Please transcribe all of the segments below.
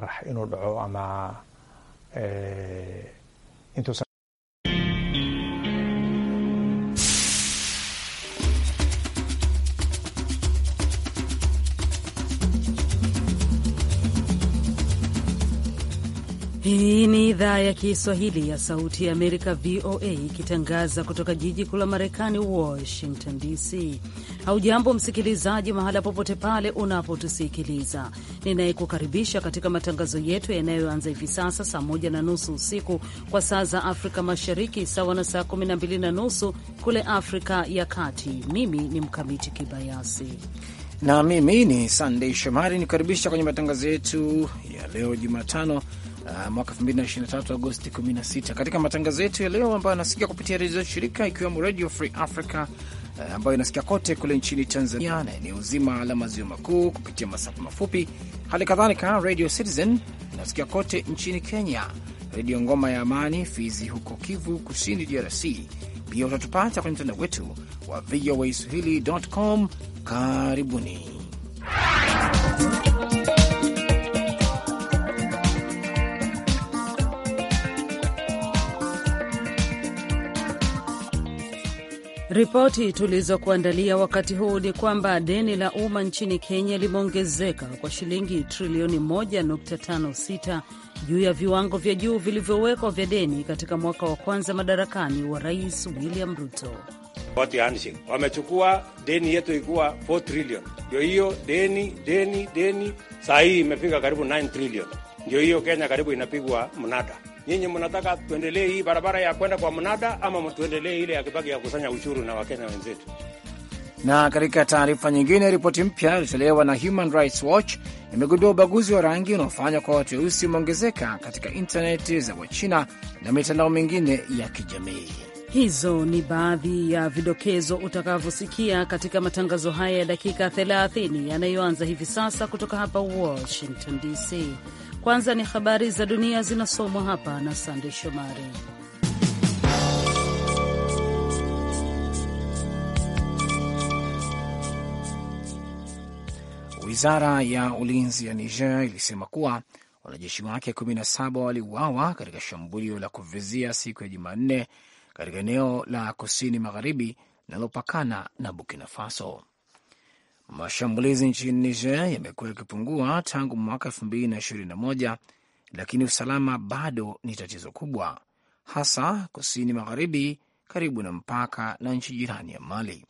madax inuu dhaco ama eh, intuusan Hii ni idhaa ya Kiswahili ya Sauti ya Amerika, VOA, ikitangaza kutoka jiji kuu la Marekani, Washington DC. Haujambo msikilizaji, mahala popote pale unapotusikiliza. Ninayekukaribisha katika matangazo yetu yanayoanza hivi sasa saa moja na nusu usiku kwa saa za Afrika Mashariki, sawa na saa kumi na mbili na nusu kule Afrika ya Kati. Mimi ni Mkamiti Kibayasi na mimi ni Sandei Shomari, nikukaribisha kwenye matangazo yetu ya leo Jumatano Ah, mwaka 2023 Agosti 16 katika matangazo yetu ya leo ambayo anasikia kupitia redio shirika ikiwemo Radio Free Africa uh, ambayo inasikia kote kule nchini Tanzania na eneo zima la maziwa makuu kupitia masafa mafupi. Hali kadhalika Radio Citizen inasikia kote nchini Kenya, Redio Ngoma ya Amani Fizi huko Kivu Kusini, DRC. Pia utatupata kwenye mtandao wetu wa VOA Swahili.com. Karibuni. Ripoti tulizokuandalia wakati huu ni kwamba deni la umma nchini Kenya limeongezeka kwa shilingi trilioni 1.56 juu ya viwango vya juu vilivyowekwa vya deni katika mwaka wa kwanza madarakani wa Rais William Ruto. Wamechukua deni yetu ikuwa 4 trilioni, ndio hiyo deni deni deni, saa hii imefika karibu 9 trilioni, ndio hiyo Kenya karibu inapigwa mnada nyinyi mnataka tuendelee hii barabara ya kwenda kwa mnada ama tuendelee ile ya Kibaki ya kusanya ushuru na Wakenya wenzetu? Na katika taarifa nyingine, ripoti mpya iliyotolewa na Human Rights Watch imegundua ubaguzi wa rangi unaofanywa kwa watu weusi umeongezeka katika intaneti za Wachina na mitandao mingine ya kijamii. Hizo ni baadhi ya vidokezo utakavyosikia katika matangazo haya ya dakika 30 yanayoanza hivi sasa kutoka hapa Washington DC. Kwanza ni habari za dunia zinasomwa hapa na Sande Shomari. Wizara ya ulinzi ya Niger ilisema kuwa wanajeshi wake 17 waliuawa katika shambulio la kuvizia siku ya Jumanne katika eneo la kusini magharibi linalopakana na Burkina Faso. Mashambulizi nchini Niger yamekuwa yakipungua tangu mwaka elfu mbili na ishirini na moja, lakini usalama bado ni tatizo kubwa, hasa kusini magharibi karibu na mpaka na nchi jirani ya Mali.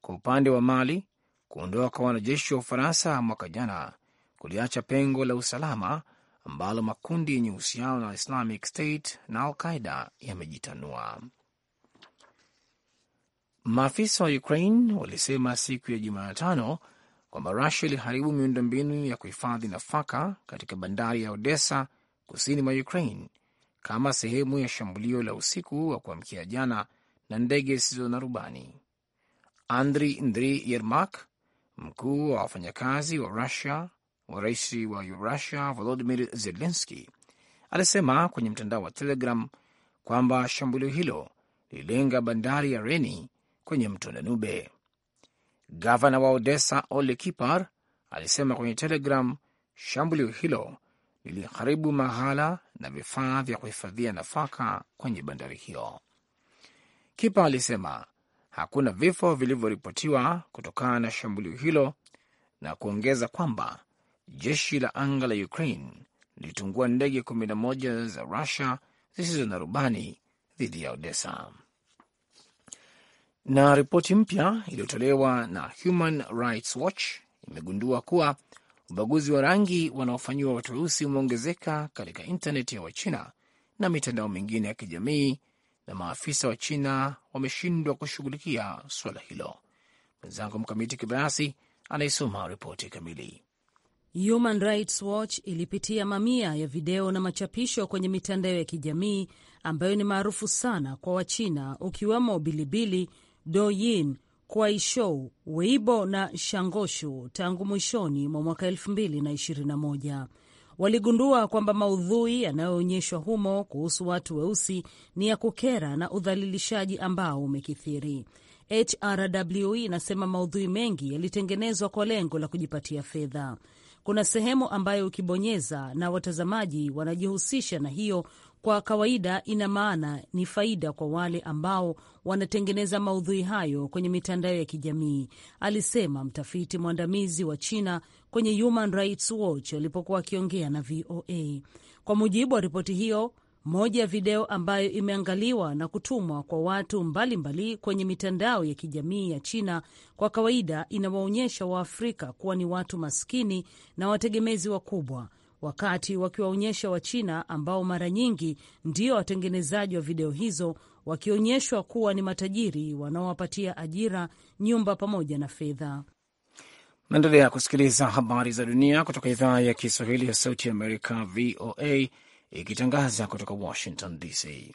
Kwa upande wa Mali, kuondoa kwa wanajeshi wa Ufaransa mwaka jana kuliacha pengo la usalama ambalo makundi yenye uhusiano na Islamic State na Al Qaida yamejitanua. Maafisa wa Ukraine walisema siku ya Jumatano kwamba Rusia iliharibu miundombinu ya kuhifadhi nafaka katika bandari ya Odessa kusini mwa Ukraine kama sehemu ya shambulio la usiku wa kuamkia jana na ndege zisizo na rubani. Andri Ndri Yermak, mkuu wa wafanyakazi wa Rusia wa rais wa Rusia Volodimir Zelenski, alisema kwenye mtandao wa Telegram kwamba shambulio hilo lililenga bandari ya Reni kwenye mto Danube. Gavana wa Odessa Ole Kipar alisema kwenye Telegram shambulio hilo liliharibu maghala na vifaa vya kuhifadhia nafaka kwenye bandari hiyo. Kipa alisema hakuna vifo vilivyoripotiwa kutokana na shambulio hilo na kuongeza kwamba jeshi la anga la Ukraine lilitungua ndege 11 za Rusia zisizo na rubani dhidi ya Odessa. Na ripoti mpya iliyotolewa na Human Rights Watch imegundua kuwa ubaguzi wa rangi wanaofanyiwa watu weusi umeongezeka katika intaneti ya Wachina na mitandao mingine ya kijamii, na maafisa wa China wameshindwa kushughulikia suala hilo. Mwenzangu Mkamiti Kibayasi anaisoma ripoti kamili. Human Rights Watch ilipitia mamia ya video na machapisho kwenye mitandao ya kijamii ambayo ni maarufu sana kwa Wachina, ukiwemo Bilibili Douyin, Kuaishou, Weibo na Shangoshu tangu mwishoni mwa mwaka 2021. Waligundua kwamba maudhui yanayoonyeshwa humo kuhusu watu weusi ni ya kukera na udhalilishaji ambao umekithiri. HRW e inasema maudhui mengi yalitengenezwa kwa lengo la kujipatia fedha. Kuna sehemu ambayo ukibonyeza na watazamaji wanajihusisha na hiyo, kwa kawaida ina maana ni faida kwa wale ambao wanatengeneza maudhui hayo kwenye mitandao ya kijamii, alisema mtafiti mwandamizi wa China kwenye Human Rights Watch alipokuwa akiongea na VOA. Kwa mujibu wa ripoti hiyo, moja ya video ambayo imeangaliwa na kutumwa kwa watu mbalimbali mbali kwenye mitandao ya kijamii ya China kwa kawaida inawaonyesha Waafrika kuwa ni watu maskini na wategemezi wakubwa wakati wakiwaonyesha Wachina ambao mara nyingi ndio watengenezaji wa video hizo wakionyeshwa kuwa ni matajiri wanaowapatia ajira, nyumba pamoja na fedha. Naendelea kusikiliza habari za dunia kutoka idhaa ya Kiswahili ya Sauti ya Amerika, VOA, ikitangaza kutoka Washington DC.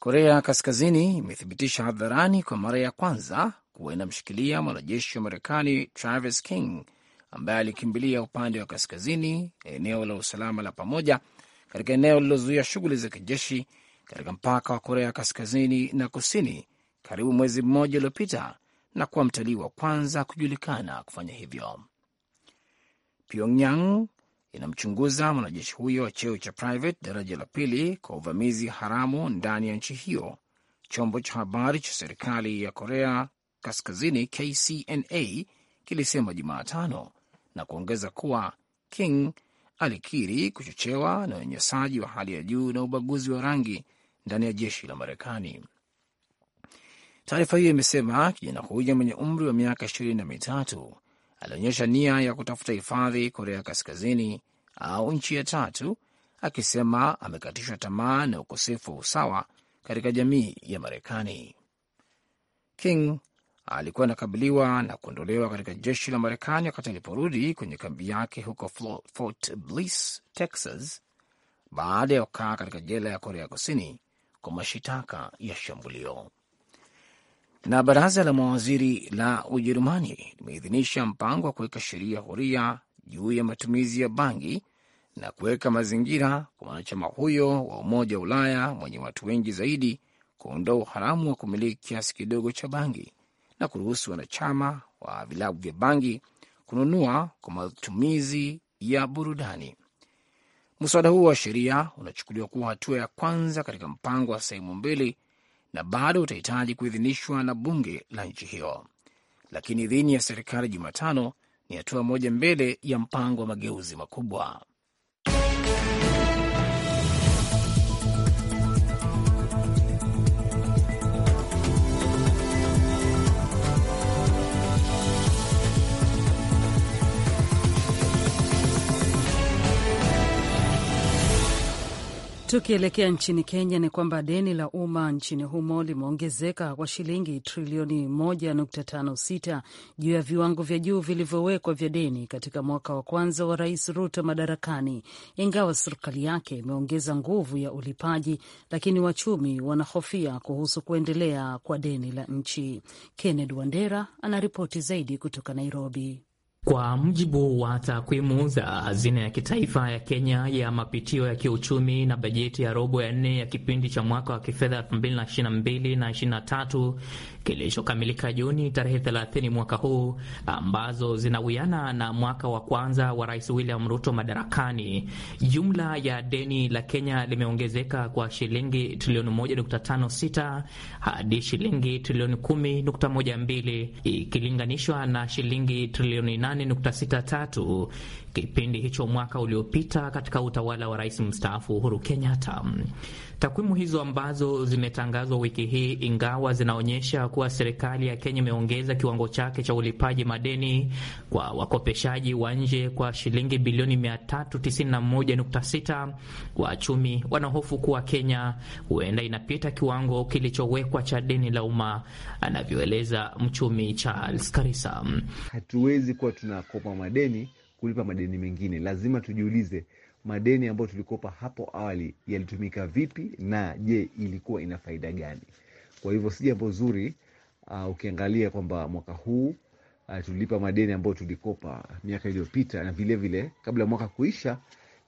Korea Kaskazini imethibitisha hadharani kwa mara ya kwanza kuwa inamshikilia mwanajeshi wa Marekani Travis King ambaye alikimbilia upande wa kaskazini eneo la usalama la pamoja katika eneo lililozuia shughuli za kijeshi katika mpaka wa Korea kaskazini na kusini karibu mwezi mmoja uliopita na kuwa mtalii wa kwanza kujulikana kufanya hivyo. Pyongyang inamchunguza mwanajeshi huyo wa cheo cha private daraja la pili kwa uvamizi haramu ndani ya nchi hiyo. Chombo cha habari cha serikali ya Korea Kaskazini, KCNA, kilisema Jumatano na kuongeza kuwa King alikiri kuchochewa na unyanyasaji wa hali ya juu na ubaguzi wa rangi ndani ya jeshi la Marekani. Taarifa hiyo imesema kijana huyo mwenye umri wa miaka ishirini na mitatu alionyesha nia ya kutafuta hifadhi Korea Kaskazini au nchi ya tatu, akisema amekatishwa tamaa na ukosefu wa usawa katika jamii ya Marekani. King alikuwa anakabiliwa na kuondolewa katika jeshi la Marekani wakati aliporudi kwenye kambi yake huko Fort Bliss, Texas, baada ya kukaa katika jela ya Korea Kusini kwa mashitaka ya shambulio. Na baraza la mawaziri la Ujerumani limeidhinisha mpango wa kuweka sheria huria juu ya matumizi ya bangi na kuweka mazingira kwa mwanachama huyo wa Umoja wa Ulaya mwenye watu wengi zaidi kuondoa uharamu wa kumiliki kiasi kidogo cha bangi na kuruhusu wanachama wa vilabu vya bangi kununua kwa matumizi ya burudani. Mswada huo wa sheria unachukuliwa kuwa hatua ya kwanza katika mpango wa sehemu mbili na bado utahitaji kuidhinishwa na bunge la nchi hiyo, lakini idhini ya serikali Jumatano ni hatua moja mbele ya mpango wa mageuzi makubwa. Tukielekea nchini Kenya ni kwamba deni la umma nchini humo limeongezeka kwa shilingi trilioni 1.56 juu ya viwango vya juu vilivyowekwa vya deni katika mwaka wa kwanza wa Rais Ruto madarakani. Ingawa serikali yake imeongeza nguvu ya ulipaji, lakini wachumi wanahofia kuhusu kuendelea kwa deni la nchi. Kenneth Wandera anaripoti zaidi kutoka Nairobi. Kwa mujibu wa takwimu za hazina ya kitaifa ya Kenya ya mapitio ya kiuchumi na bajeti ya robo ya nne ya kipindi cha mwaka wa kifedha 2022 na 23 kilichokamilika Juni tarehe 30 mwaka huu, ambazo zinawiana na mwaka wa kwanza wa Rais William Ruto madarakani, jumla ya deni la Kenya limeongezeka kwa shilingi trilioni 1.56 hadi shilingi trilioni 10.12 ikilinganishwa na shilingi trilioni 8 8.63 kipindi hicho mwaka uliopita katika utawala wa rais mstaafu Uhuru Kenyatta. Takwimu hizo ambazo zimetangazwa wiki hii, ingawa zinaonyesha kuwa serikali ya Kenya imeongeza kiwango chake cha ulipaji madeni kwa wakopeshaji wa nje kwa shilingi bilioni 391.6, wachumi wanahofu kuwa Kenya huenda inapita kiwango kilichowekwa cha deni la umma, anavyoeleza mchumi Charles Karisa. Hatuwezi kuwa tunakopa madeni kulipa madeni mengine, lazima tujiulize madeni ambayo tulikopa hapo awali yalitumika vipi, na je, ilikuwa ina faida gani? Kwa hivyo si jambo zuri uh, ukiangalia kwamba mwaka huu uh, tulilipa madeni ambayo tulikopa miaka iliyopita, na vilevile vile, kabla mwaka kuisha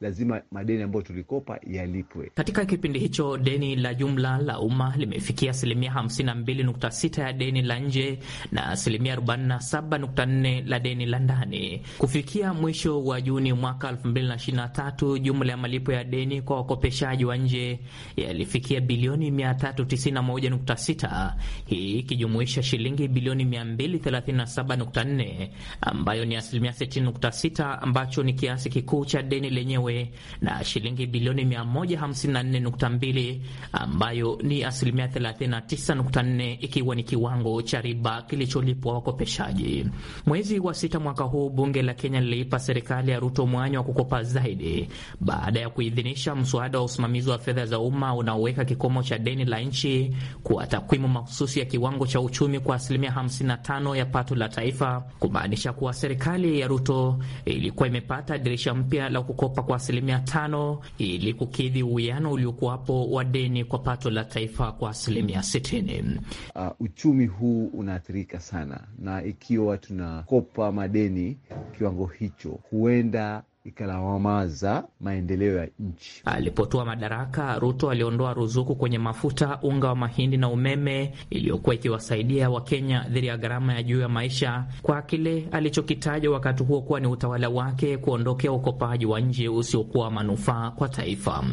lazima madeni ambayo tulikopa yalipwe. Katika kipindi hicho deni la jumla la umma limefikia asilimia 52.6 ya deni la nje na asilimia 47.4 la deni la ndani. Kufikia mwisho wa Juni mwaka 2023, jumla ya malipo ya deni kwa wakopeshaji wa nje yalifikia bilioni 391.6, hii ikijumuisha shilingi bilioni 237.4 ambayo ni asilimia 60.6, ambacho ni kiasi kikuu cha deni lenyewe wenyewe na shilingi bilioni 154.2 ambayo ni asilimia 39.4 ikiwa ni kiwango cha riba kilicholipwa wakopeshaji. Mwezi wa sita mwaka huu bunge la Kenya liliipa serikali ya Ruto mwanya wa kukopa zaidi baada ya kuidhinisha mswada wa usimamizi wa fedha za umma unaoweka kikomo cha deni la nchi kwa takwimu mahususi ya kiwango cha uchumi kwa asilimia 55 ya pato la taifa, kumaanisha kuwa serikali ya Ruto ilikuwa imepata dirisha mpya la kukopa kwa asilimia tano ili kukidhi uwiano uliokuwapo wa deni kwa pato la taifa kwa asilimia sitini. Uh, uchumi huu unaathirika sana, na ikiwa tunakopa madeni kiwango hicho, huenda ikalawamaza maendeleo ya nchi. Alipotua madaraka, Ruto aliondoa ruzuku kwenye mafuta, unga wa mahindi na umeme iliyokuwa ikiwasaidia Wakenya dhidi ya gharama ya juu ya maisha, kwa kile alichokitaja wakati huo kuwa ni utawala wake kuondokea ukopaji wa nje usiokuwa manufaa kwa taifa.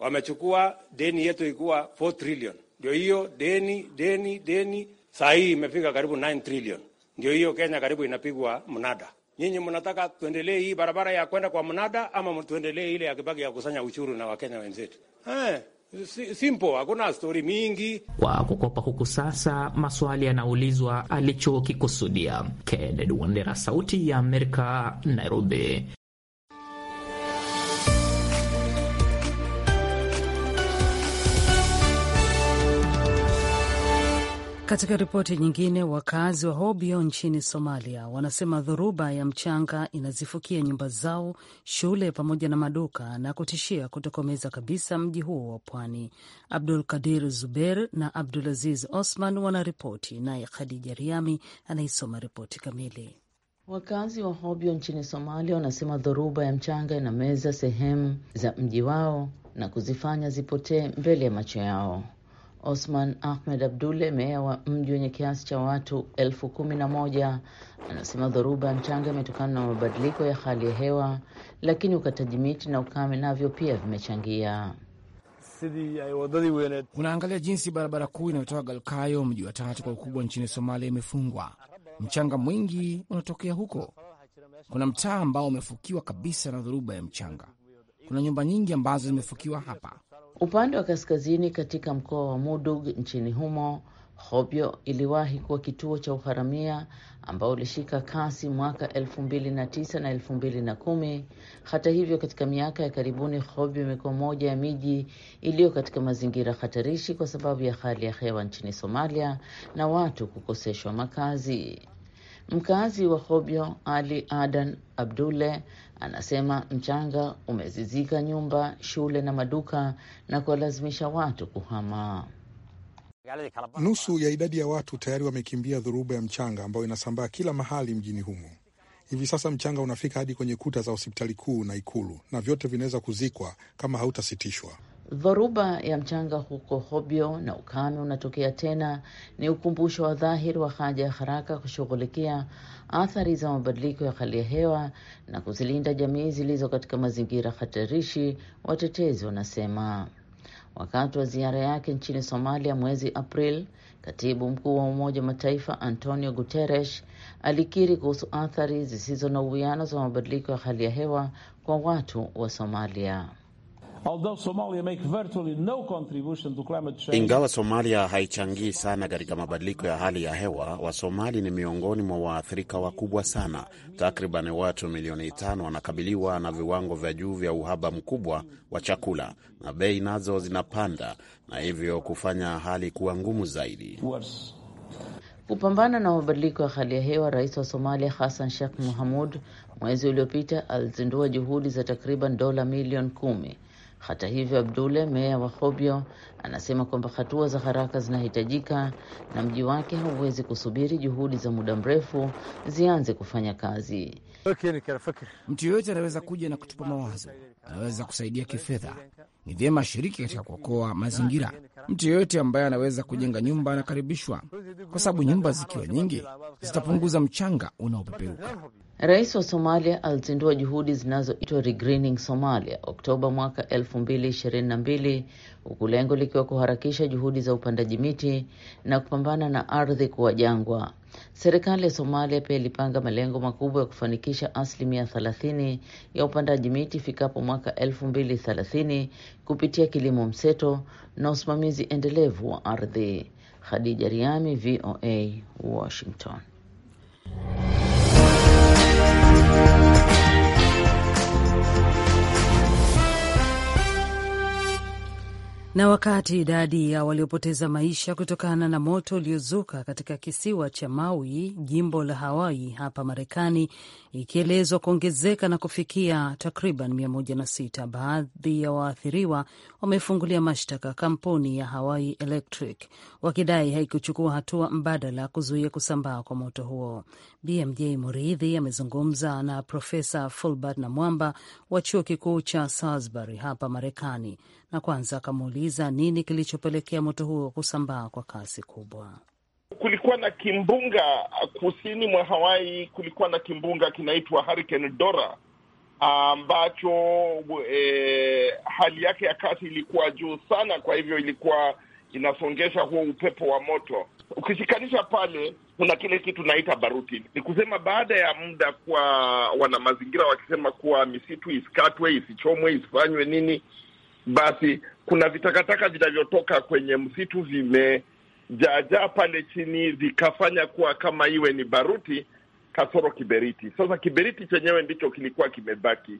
Wamechukua deni yetu ilikuwa 4 trillion, ndio hiyo deni deni deni, saa hii imefika karibu 9 trillion, ndio hiyo Kenya karibu inapigwa mnada nyinyi mnataka tuendelee hii barabara ya kwenda kwa mnada ama tuendelee ile ya Kibaki ya kusanya ushuru na Wakenya wenzetu? Eh, Simpo, hakuna stori mingi kwa kukopa huku. Sasa maswali yanaulizwa alichokikusudia. Kennedy Wandera, Sauti ya Amerika, Nairobi. Katika ripoti nyingine, wakazi wa Hobyo nchini Somalia wanasema dhoruba ya mchanga inazifukia nyumba zao, shule pamoja na maduka na kutishia kutokomeza kabisa mji huo wa pwani. Abdul Kadir Zuber na Abdul Aziz Osman wanaripoti, naye Khadija Riami anaisoma ripoti kamili. Wakazi wa Hobyo nchini Somalia wanasema dhoruba ya mchanga inameza sehemu za mji wao na kuzifanya zipotee mbele ya macho yao. Osman Ahmed Abdulle, meya wa mji wenye kiasi cha watu elfu kumi na moja, anasema dhoruba ya mchanga imetokana na mabadiliko ya hali ya hewa, lakini ukataji miti na ukame navyo pia vimechangia. Unaangalia jinsi barabara kuu inayotoka Galkayo, mji wa tatu kwa ukubwa nchini Somalia, imefungwa. Mchanga mwingi unatokea huko. Kuna mtaa ambao umefukiwa kabisa na dhoruba ya mchanga. Kuna nyumba nyingi ambazo zimefukiwa hapa. Upande wa kaskazini katika mkoa wa Mudug nchini humo, Hobyo iliwahi kuwa kituo cha uharamia ambao ulishika kasi mwaka 2009 na 2010. Hata hivyo, katika miaka ya karibuni Hobyo imekuwa moja ya miji iliyo katika mazingira hatarishi kwa sababu ya hali ya hewa nchini Somalia na watu kukoseshwa makazi. Mkazi wa Hobyo, Ali Adan abdule anasema mchanga umezizika nyumba, shule na maduka na kuwalazimisha watu kuhama. Nusu ya idadi ya watu tayari wamekimbia dhoruba ya mchanga ambayo inasambaa kila mahali mjini humo. Hivi sasa mchanga unafika hadi kwenye kuta za hospitali kuu na Ikulu, na vyote vinaweza kuzikwa kama hautasitishwa. Dhoruba ya mchanga huko Hobyo na ukame unatokea tena ni ukumbusho wa dhahiri wa haja ya haraka kushughulikia athari za mabadiliko ya hali ya hewa na kuzilinda jamii zilizo katika mazingira hatarishi, watetezi wanasema. Wakati wa ziara yake nchini Somalia mwezi april katibu mkuu wa Umoja wa Mataifa Antonio Guterres alikiri kuhusu athari zisizo na uwiano za mabadiliko ya hali ya hewa kwa watu wa Somalia. Ingawa Somalia haichangii sana katika mabadiliko ya hali ya hewa, Wasomali ni miongoni mwa waathirika wakubwa sana. Takriban watu milioni tano wanakabiliwa na viwango vya juu vya uhaba mkubwa wa chakula na bei nazo zinapanda, na hivyo kufanya hali kuwa ngumu zaidi Kupambana na mabadiliko ya hali ya hewa, rais wa Somalia Hassan Sheikh muhamud mwezi uliopita alizindua juhudi za takriban dola milioni kumi hata hivyo, Abdule, meya wa Hobyo, anasema kwamba hatua za haraka zinahitajika na mji wake hauwezi kusubiri juhudi za muda mrefu zianze kufanya kazi. Mtu yoyote anaweza kuja na kutupa mawazo, anaweza kusaidia kifedha. Ni vyema ashiriki katika kuokoa mazingira. Mtu yoyote ambaye anaweza kujenga nyumba anakaribishwa, kwa sababu nyumba zikiwa nyingi zitapunguza mchanga unaopeperuka. Rais wa Somalia alizindua juhudi zinazoitwa regreening Somalia Oktoba mwaka elfu mbili ishirini na mbili huku lengo likiwa kuharakisha juhudi za upandaji miti na kupambana na ardhi kuwa jangwa. Serikali ya Somalia pia ilipanga malengo makubwa ya kufanikisha asilimia thelathini ya upandaji miti ifikapo mwaka elfu mbili thelathini kupitia kilimo mseto na usimamizi endelevu wa ardhi. Khadija Riami, VOA, Washington. Thank you. Na wakati idadi ya waliopoteza maisha kutokana na moto uliozuka katika kisiwa cha Maui, jimbo la Hawaii hapa Marekani, ikielezwa kuongezeka na kufikia takriban 106, baadhi ya waathiriwa wamefungulia mashtaka kampuni ya Hawaii Electric wakidai haikuchukua hatua mbadala kuzuia kusambaa kwa moto huo. BMJ Muridhi amezungumza na Profesa Fulbert Namwamba wa chuo kikuu cha Salisbury hapa Marekani na kwanza akamuuliza nini kilichopelekea moto huo kusambaa kwa kasi kubwa. Kulikuwa na kimbunga uh, kusini mwa Hawaii, kulikuwa na kimbunga kinaitwa Hurricane Dora ambacho e, hali yake ya kasi ilikuwa juu sana, kwa hivyo ilikuwa inasongesha huo upepo wa moto. Ukishikanisha pale, kuna kile kitu naita baruti. Ni kusema baada ya muda kuwa wanamazingira wakisema kuwa misitu isikatwe, isichomwe, isifanywe nini, basi kuna vitakataka vinavyotoka kwenye msitu vimejaajaa pale chini, vikafanya kuwa kama iwe ni baruti kasoro kiberiti. Sasa kiberiti chenyewe ndicho kilikuwa kimebaki.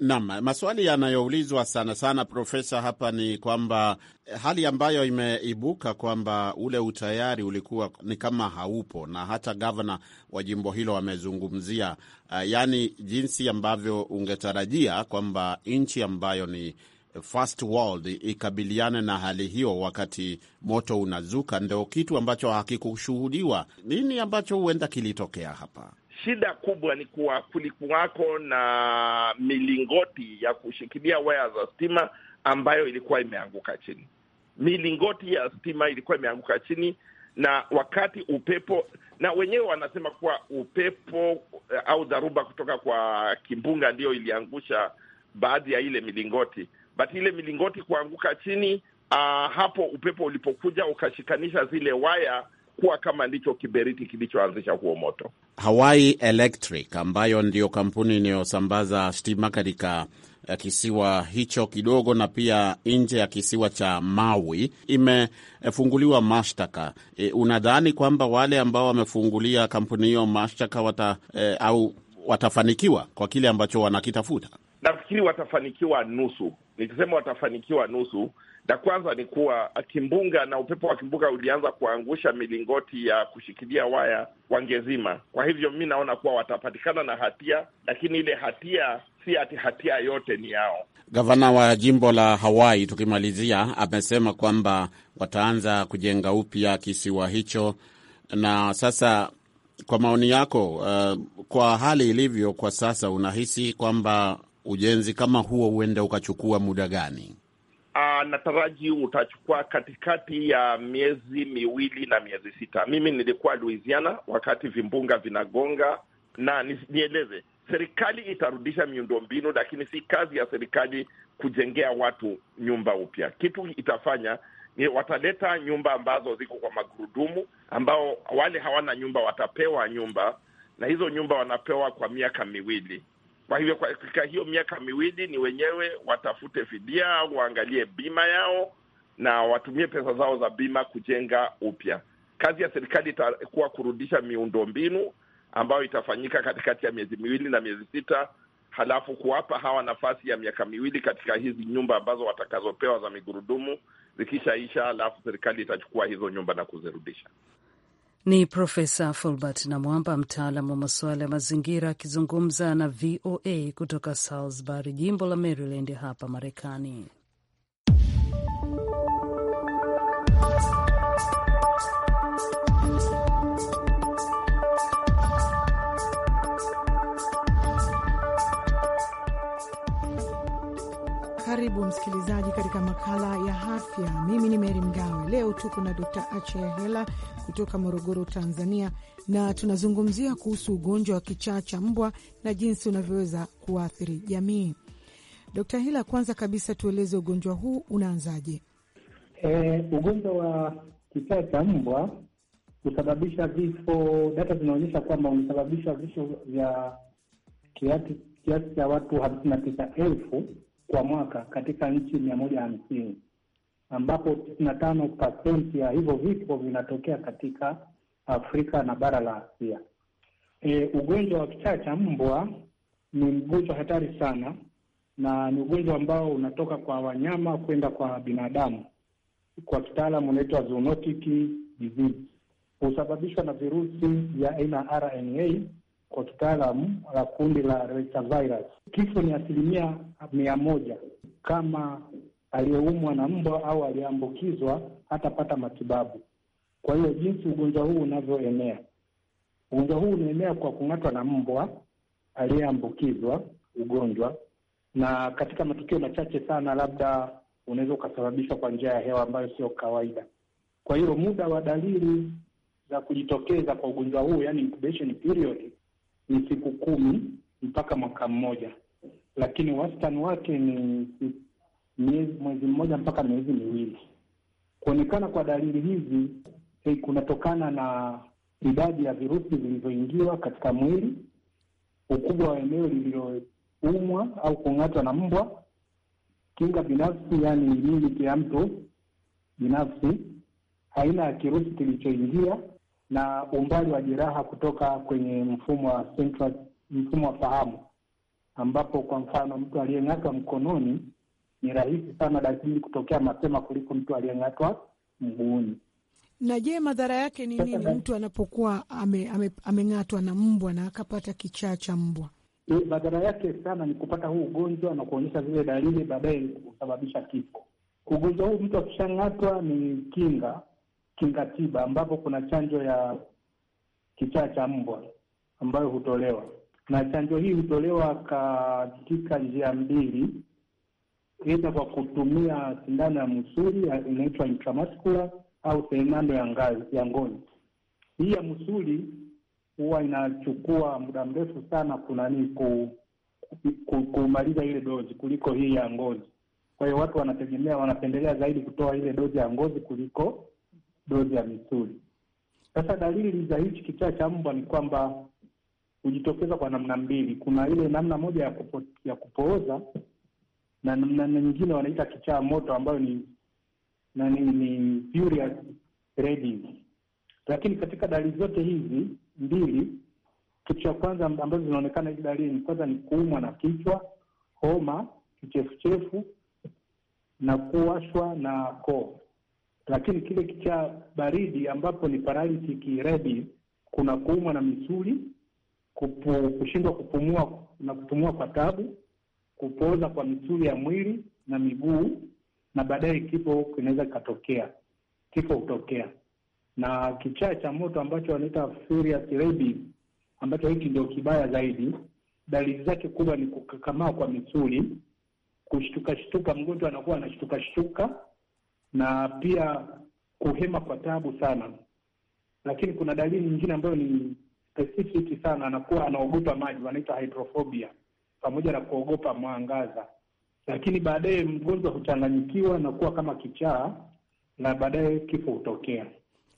Naam, maswali yanayoulizwa sana sana, Profesa, hapa ni kwamba eh, hali ambayo imeibuka kwamba ule utayari ulikuwa ni kama haupo, na hata gavana wa jimbo hilo amezungumzia uh, yaani jinsi ambavyo ungetarajia kwamba nchi ambayo ni First World ikabiliane na hali hiyo wakati moto unazuka, ndio kitu ambacho hakikushuhudiwa. Nini ambacho huenda kilitokea hapa? Shida kubwa ni kuwa kulikuwako na milingoti ya kushikilia waya za stima ambayo ilikuwa imeanguka chini. Milingoti ya stima ilikuwa imeanguka chini, na wakati upepo, na wenyewe wanasema kuwa upepo eh, au dharuba kutoka kwa kimbunga ndiyo iliangusha baadhi ya ile milingoti, but ile milingoti kuanguka chini Uh, hapo upepo ulipokuja ukashikanisha zile waya kuwa kama ndicho kiberiti kilichoanzisha huo moto. Hawaii Electric ambayo ndiyo kampuni inayosambaza stima katika eh, kisiwa hicho kidogo na pia nje ya kisiwa cha Maui imefunguliwa mashtaka. E, unadhani kwamba wale ambao wamefungulia kampuni hiyo mashtaka wata, e, au watafanikiwa kwa kile ambacho wanakitafuta? Nafikiri watafanikiwa nusu nikisema watafanikiwa nusu, la kwanza ni kuwa kimbunga na upepo wa kimbunga ulianza kuangusha milingoti ya kushikilia waya wangezima. Kwa hivyo mi naona kuwa watapatikana na hatia, lakini ile hatia si ati hatia yote ni yao. Gavana wa jimbo la Hawaii, tukimalizia, amesema kwamba wataanza kujenga upya kisiwa hicho. Na sasa kwa maoni yako, uh, kwa hali ilivyo kwa sasa, unahisi kwamba ujenzi kama huo huenda ukachukua muda gani? Ah, nataraji utachukua katikati ya miezi miwili na miezi sita. Mimi nilikuwa Louisiana wakati vimbunga vinagonga, na nieleze, serikali itarudisha miundombinu, lakini si kazi ya serikali kujengea watu nyumba upya. Kitu itafanya ni wataleta nyumba ambazo ziko kwa magurudumu, ambao wale hawana nyumba watapewa nyumba, na hizo nyumba wanapewa kwa miaka miwili kwa hivyo katika hiyo miaka miwili ni wenyewe watafute fidia au waangalie bima yao na watumie pesa zao za bima kujenga upya. Kazi ya serikali itakuwa kurudisha miundo mbinu ambayo itafanyika katikati ya miezi miwili na miezi sita, halafu kuwapa hawa nafasi ya miaka miwili katika hizi nyumba ambazo watakazopewa za migurudumu, zikishaisha, halafu serikali itachukua hizo nyumba na kuzirudisha. Ni Profesa Fulbert Namwamba, mtaalam wa masuala ya mazingira, akizungumza na VOA kutoka Salisbury, jimbo la Maryland, hapa Marekani. Karibu msikilizaji katika makala ya afya. Mimi ni Meri Mgawe. Leo tuko na Dr Ache kutoka Morogoro, Tanzania, na tunazungumzia kuhusu ugonjwa wa kichaa cha mbwa na jinsi unavyoweza kuathiri jamii. Dkt. Hila, kwanza kabisa tueleze ugonjwa huu unaanzaje? E, ugonjwa wa kichaa cha mbwa husababisha vifo. Data zinaonyesha kwamba umesababisha vifo vya kiasi cha watu hamsini na tisa elfu kwa mwaka katika nchi mia moja hamsini ambapo tisini na tano pasenti ya hivyo vifo vinatokea katika Afrika na bara la Asia. E, ugonjwa wa kichaa cha mbwa ni mgonjwa hatari sana na ni ugonjwa ambao unatoka kwa wanyama kwenda kwa binadamu. Kwa kitaalamu unaitwa zoonotic disease, husababishwa na virusi vya aina RNA, kwa kitaalamu la kundi la retrovirus. Kifo ni asilimia mia moja kama aliyeumwa na mbwa au aliyeambukizwa hatapata matibabu. Kwa hiyo jinsi ugonjwa huu unavyoenea, ugonjwa huu unaenea kwa kung'atwa na mbwa aliyeambukizwa ugonjwa, na katika matukio machache sana, labda unaweza ukasababishwa kwa njia ya hewa ambayo sio kawaida. Kwa hiyo muda wa dalili za kujitokeza kwa ugonjwa huu, yani incubation period, ni siku kumi mpaka mwaka mmoja, lakini wastani wake ni miezi mwezi mmoja mpaka miezi miwili. Kuonekana kwa dalili hizi eh, kunatokana na idadi ya virusi vilivyoingiwa katika mwili, ukubwa wa eneo lililoumwa au kung'atwa na mbwa, kinga binafsi, yaani immunity ya mtu binafsi, aina ya kirusi kilichoingia na umbali wa jeraha kutoka kwenye mfumo wa central, mfumo wa fahamu ambapo kwa mfano mtu aliyeng'atwa mkononi ni rahisi sana, lakini kutokea mapema kuliko mtu aliyeng'atwa mguuni. Na je, madhara yake ni nini mtu anapokuwa ameng'atwa ame, ame na mbwa na akapata kichaa cha mbwa? E, madhara yake sana ni kupata huu ugonjwa na kuonyesha zile dalili, baadaye kusababisha kifo. Ugonjwa huu mtu akishang'atwa ni kinga kinga tiba, ambapo kuna chanjo ya kichaa cha mbwa ambayo hutolewa, na chanjo hii hutolewa katika njia mbili Aidha kwa kutumia sindano ya msuli inaitwa intramuscular au sindano ya ngazi ya ngozi. Hii ya msuli huwa inachukua muda mrefu sana kunani ku, ku, ku, kumaliza ile dozi kuliko hii ya ngozi. Kwa hiyo watu wanategemea, wanapendelea zaidi kutoa ile dozi ya ngozi kuliko dozi ya misuli. Sasa dalili za hichi kichaa cha mbwa ni kwamba hujitokeza kwa namna mbili. Kuna ile namna moja ya, kupo, ya kupooza na namna nyingine wanaita kichaa moto ambayo ni na ni, ni furious rabies. Lakini katika dalili zote hizi mbili, kitu cha kwanza ambazo zinaonekana hizi dalili kwanza ni kuumwa na kichwa, homa, kichefuchefu na kuwashwa na koo. Lakini kile kichaa baridi ambapo ni paralytic rabies, kuna kuumwa na misuli, kupu, kushindwa kupumua na kupumua kwa tabu kupooza kwa misuli ya mwili na miguu, na baadaye kifo kinaweza kikatokea. Kifo hutokea na kichaa cha moto ambacho wanaita furious rabies, ambacho hiki ndio kibaya zaidi. Dalili zake kubwa ni kukakamaa kwa misuli, kushtuka shtuka, mgonjwa anakuwa anashtuka shtuka, na pia kuhema kwa taabu sana. Lakini kuna dalili nyingine ambayo ni specific sana, anakuwa anaogopa maji, wanaita hydrophobia pamoja na kuogopa mwangaza, lakini baadaye mgonjwa huchanganyikiwa na kuwa kama kichaa na baadaye kifo hutokea.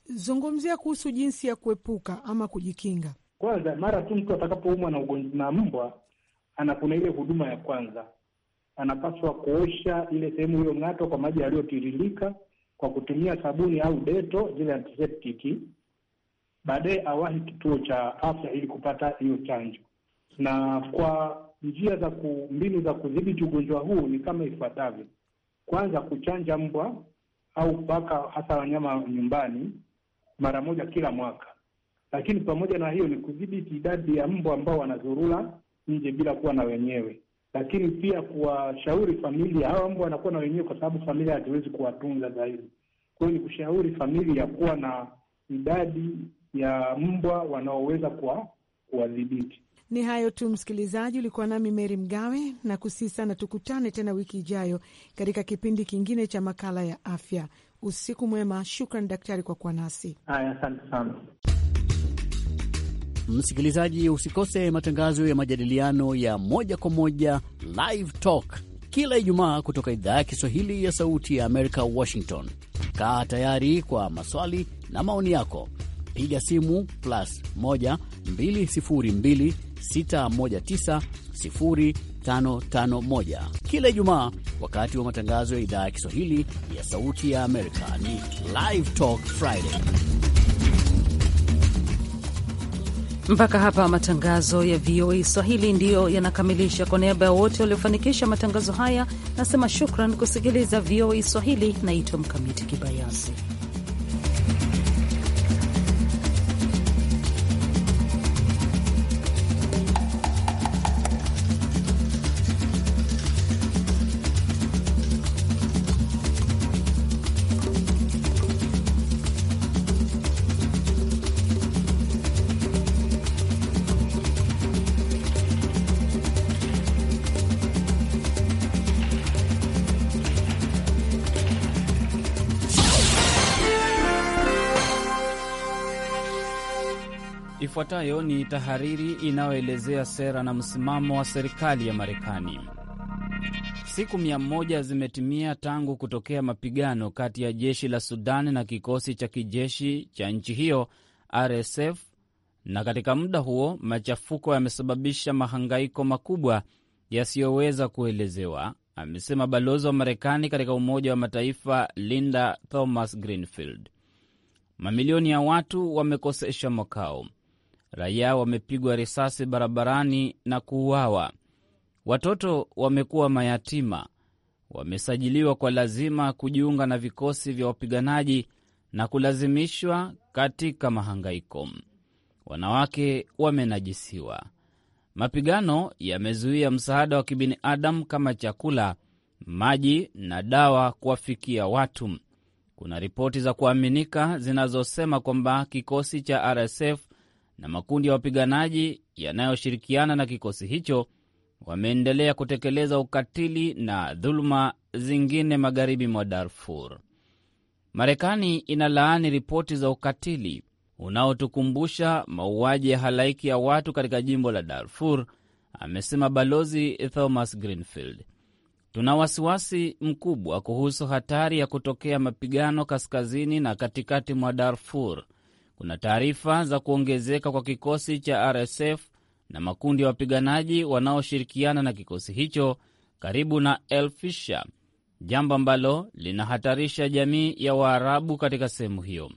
Zungumzia kuhusu jinsi ya kuepuka ama kujikinga. Kwanza, mara tu mtu atakapoumwa na ugonjwa na mbwa, ana kuna ile huduma ya kwanza, anapaswa kuosha ile sehemu hiyo ng'ato kwa maji yaliyotiririka kwa kutumia sabuni au deto zile antiseptiki. Baadaye awahi kituo cha afya ili kupata hiyo chanjo. Na kwa njia za ku, mbinu za kudhibiti ugonjwa huu ni kama ifuatavyo: kwanza, kuchanja mbwa au paka, hasa wanyama nyumbani, mara moja kila mwaka. Lakini pamoja na hiyo ni kudhibiti idadi ya mbwa ambao wanazurula nje bila kuwa na wenyewe, lakini pia kuwashauri familia, hawa mbwa wanakuwa na wenyewe kwa sababu familia hatuwezi kuwatunza zaidi. Kwa hiyo ni kushauri familia kuwa na idadi ya mbwa wanaoweza kuwadhibiti ni hayo tu msikilizaji, ulikuwa nami Meri Mgawe na kusii sana tukutane tena wiki ijayo katika kipindi kingine cha makala ya afya. Usiku mwema, shukran daktari kwa kuwa nasi. Haya, asante sana msikilizaji. Usikose matangazo ya majadiliano ya moja kwa moja, Live Talk, kila Ijumaa kutoka idhaa ya Kiswahili ya Sauti ya Amerika, Washington. Kaa tayari kwa maswali na maoni yako, piga simu plus 1 202 619 kila Ijumaa wakati wa matangazo ya idhaa ya Kiswahili ya Sauti ya Amerika. Ni Live Talk Friday. Mpaka hapa matangazo ya VOA Swahili ndiyo yanakamilisha. Kwa niaba ya wote waliofanikisha matangazo haya, nasema shukran kusikiliza VOA Swahili. Naitwa Mkamiti Kibayasi. Ifuatayo ni tahariri inayoelezea sera na msimamo wa serikali ya Marekani. Siku mia moja zimetimia tangu kutokea mapigano kati ya jeshi la Sudan na kikosi cha kijeshi cha nchi hiyo RSF, na katika muda huo machafuko yamesababisha mahangaiko makubwa yasiyoweza kuelezewa, amesema balozi wa Marekani katika Umoja wa Mataifa Linda Thomas Greenfield. Mamilioni ya watu wamekosesha makao raia wamepigwa risasi barabarani na kuuawa, watoto wamekuwa mayatima, wamesajiliwa kwa lazima kujiunga na vikosi vya wapiganaji na kulazimishwa katika mahangaiko, wanawake wamenajisiwa. Mapigano yamezuia msaada wa kibinadamu kama chakula, maji na dawa kuwafikia watu. Kuna ripoti za kuaminika zinazosema kwamba kikosi cha RSF na makundi ya wapiganaji yanayoshirikiana na kikosi hicho wameendelea kutekeleza ukatili na dhuluma zingine magharibi mwa Darfur. Marekani inalaani ripoti za ukatili unaotukumbusha mauaji ya halaiki ya watu katika jimbo la Darfur, amesema Balozi Thomas Greenfield. Tuna wasiwasi mkubwa kuhusu hatari ya kutokea mapigano kaskazini na katikati mwa Darfur kuna taarifa za kuongezeka kwa kikosi cha RSF na makundi ya wa wapiganaji wanaoshirikiana na kikosi hicho karibu na El Fisha, jambo ambalo linahatarisha jamii ya Waarabu katika sehemu hiyo.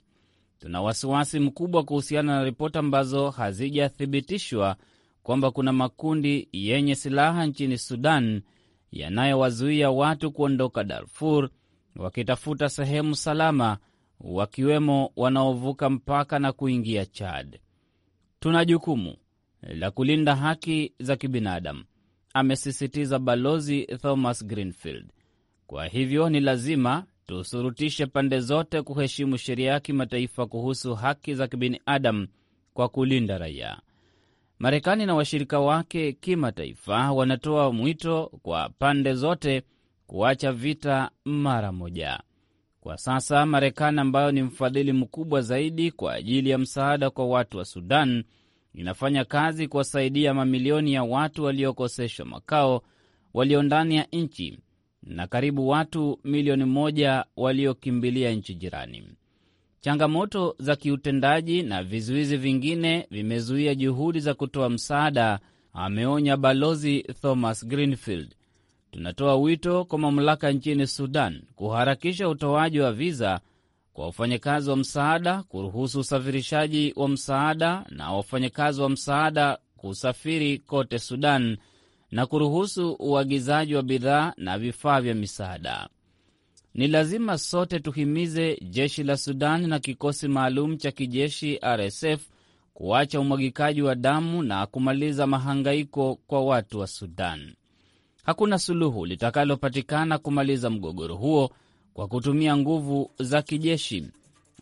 Tuna wasiwasi mkubwa kuhusiana na ripoti ambazo hazijathibitishwa kwamba kuna makundi yenye silaha nchini Sudan yanayowazuia watu kuondoka Darfur wakitafuta sehemu salama wakiwemo wanaovuka mpaka na kuingia Chad. Tuna jukumu la kulinda haki za kibinadamu, amesisitiza Balozi Thomas Greenfield. Kwa hivyo ni lazima tusurutishe pande zote kuheshimu sheria ya kimataifa kuhusu haki za kibinadamu kwa kulinda raia. Marekani na washirika wake kimataifa wanatoa mwito kwa pande zote kuacha vita mara moja. Kwa sasa Marekani ambayo ni mfadhili mkubwa zaidi kwa ajili ya msaada kwa watu wa Sudan inafanya kazi kuwasaidia mamilioni ya watu waliokoseshwa makao walio ndani ya nchi na karibu watu milioni moja waliokimbilia nchi jirani. Changamoto za kiutendaji na vizuizi vingine vimezuia juhudi za kutoa msaada, ameonya Balozi Thomas Greenfield tunatoa wito kwa mamlaka nchini Sudan kuharakisha utoaji wa viza kwa wafanyakazi wa msaada, kuruhusu usafirishaji wa msaada na wafanyakazi wa msaada kusafiri kote Sudan na kuruhusu uagizaji wa bidhaa na vifaa vya misaada. Ni lazima sote tuhimize jeshi la Sudan na kikosi maalum cha kijeshi RSF kuacha umwagikaji wa damu na kumaliza mahangaiko kwa watu wa Sudan hakuna suluhu litakalopatikana kumaliza mgogoro huo kwa kutumia nguvu za kijeshi,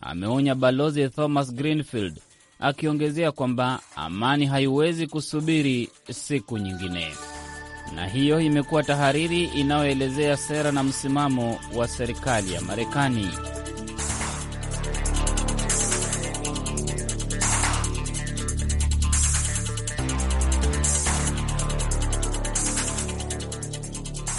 ameonya Balozi Thomas Greenfield, akiongezea kwamba amani haiwezi kusubiri siku nyingine. Na hiyo imekuwa tahariri inayoelezea sera na msimamo wa serikali ya Marekani.